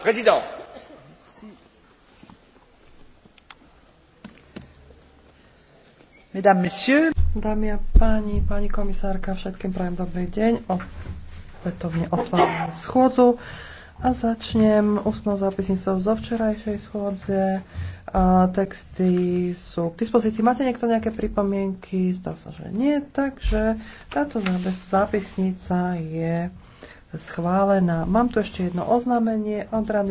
Président. Mesdames, Messieurs. Dámy a páni, pani komisárka, všetkým prajem dobrý deň. Opätovne otváram schôdzu a začnem ústnou zápisnicou zo včerajšej schôdze. A texty sú k dispozícii. Máte niekto nejaké pripomienky? Zdá sa, že nie. Takže táto zápisnica je schválená. Mám tu ešte jedno oznámenie od rady